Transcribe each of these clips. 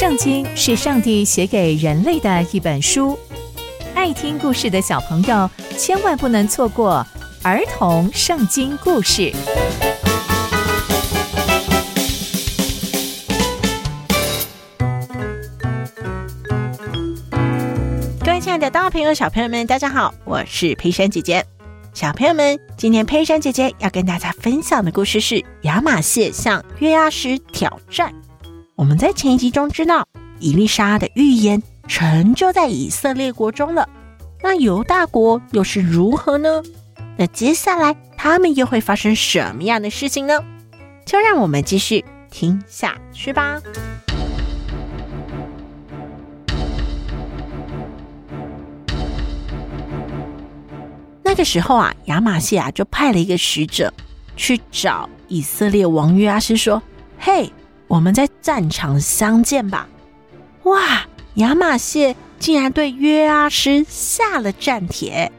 聖經是上帝寫給人類的一本書，愛聽故事的小朋友千萬不能錯過兒童聖經故事。各位親愛的大朋友、小朋友們，大家好，我是佩珊姐姐。小朋友們，今天佩珊姐姐要跟大家分享的故事是亞瑪謝向約阿施挑戰。我們在前一集中知道，以利沙的預言成就在以色列國中了。那猶大國又是如何呢？那接下來他們又會發生什麼樣的事情呢？就讓我們繼續聽下去吧。那個時候啊，亞瑪謝啊就派了一個使者去找以色列王約阿施說：“嘿。”我們在戰場相見吧！哇，亞瑪謝竟然對約阿施下了戰帖。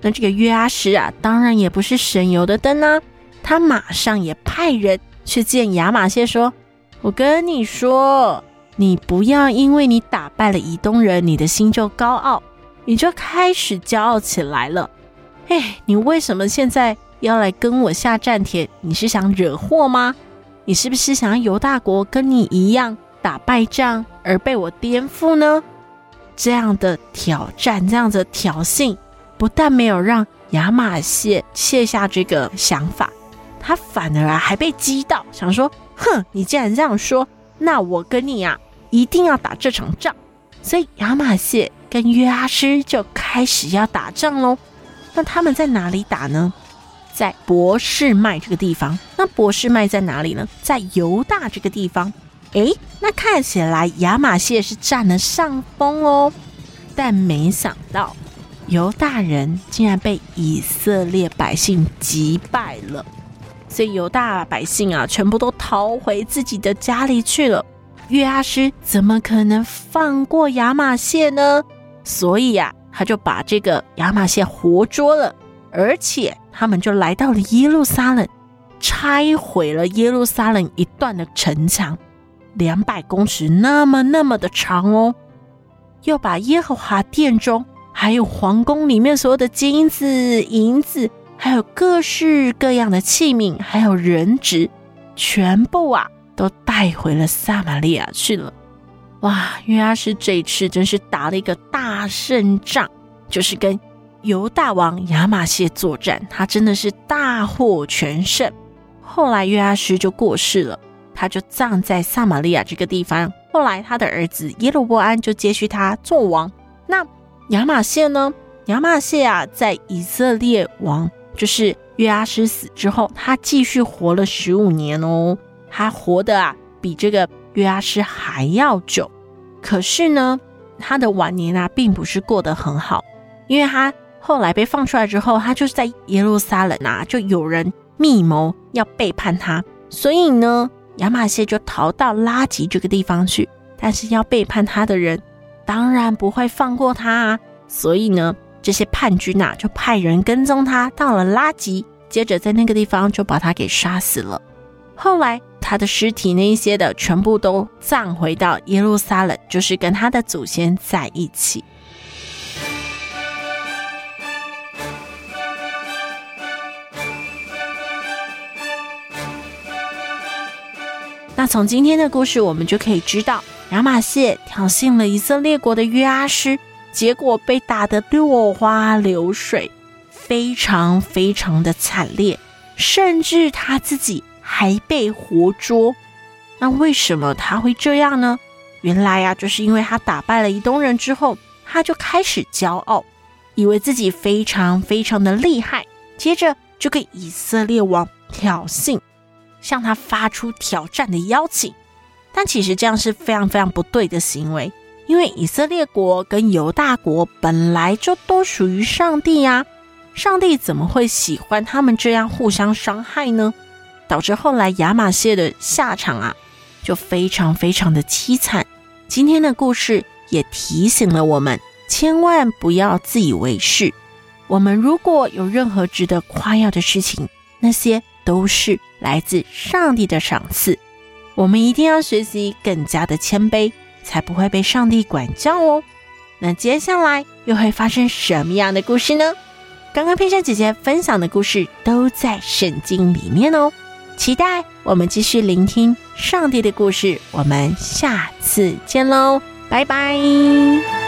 那這個約阿施啊，當然也不是省油的燈吶、啊，他馬上也派人去見亞瑪謝，說：“我跟你說，你不要因為你打敗了以東人，你的心就高傲，你就開始驕傲起來了。哎，你為什麼現在要來跟我下戰帖？你是想惹禍嗎？”你是不是想要猶大國跟你一樣打敗仗而被我顛覆呢？這樣的挑戰，這樣的挑釁，不但沒有讓亞瑪謝卸下這個想法，他反而還被激到，想說：“哼，你既然這樣說，那我跟你啊，一定要打這場仗。”所以亞瑪謝跟約阿施就開始要打仗嘍。那他們在哪裡打呢？在伯示麥這個地方，那伯示麥在哪裡呢？在猶大這個地方。哎，那看起來亞瑪謝是佔了上風哦，但沒想到猶大人竟然被以色列百姓擊敗了，所以猶大百姓啊，全部都逃回自己的家裡去了。約阿施怎麼可能放過亞瑪謝呢？所以呀、啊，他就把這個亞瑪謝活捉了。而且他們就來到了耶路撒冷，拆毀了耶路撒冷一段的城牆，兩百公尺那麼那麼的長哦。又把耶和華殿中還有皇宮裡面所有的金子、銀子，還有各式各樣的器皿，還有人質，全部啊都帶回了撒瑪利亞去了。哇，約阿施這一次真是打了一個大勝仗，就是跟猶大王亞瑪謝作戰，他真的是大獲全勝。後來約阿施就過世了，他就葬在撒瑪利亞這個地方。後來他的兒子耶羅波安就接續他做王。那亞瑪謝呢？亞瑪謝啊，在以色列王，就是約阿施死之後，他繼續活了十五年哦。他活得啊，比這個約阿施還要久。可是呢，他的晚年啊，並不是過得很好，因為他。後來被放出來之後，他就是在耶路撒冷啊，就有人密謀要背叛他，所以呢，亞瑪謝就逃到拉吉這個地方去。但是要背叛他的人當然不會放過他，啊，所以呢，這些叛軍吶、啊、就派人跟蹤他到了拉吉，接着在那個地方就把他給殺死了。後來他的屍體那一些的全部都葬回到耶路撒冷，就是跟他的祖先在一起。那從今天的故事，我們就可以知道，亞瑪謝挑釁了以色列國的約阿施，結果被打得落花流水，非常非常的慘烈，甚至他自己還被活捉。那為什麼他會這樣呢？原來呀、啊，就是因為他打敗了以東人之後，他就開始驕傲，以為自己非常非常的厲害，接着就給以、以色列王挑釁。向他發出挑戰的邀請，但其實這樣是非常非常不對的行為，因為以色列國跟猶大國本來就都屬於上帝呀、啊，上帝怎麼會喜歡他們這樣互相傷害呢？導致後來亞瑪謝的下場啊，就非常非常的淒慘。今天的故事也提醒了我們，千萬不要自以為是。我們如果有任何值得誇耀的事情，那些。都是來自上帝的賞賜，我們一定要學習更加的謙卑，才不會被上帝管教哦。那接下來又會發生什麼樣的故事呢？剛剛佩珊姐姐分享的故事都在聖經裡面哦，期待我們繼續聆聽上帝的故事。我們下次見嘍，拜拜。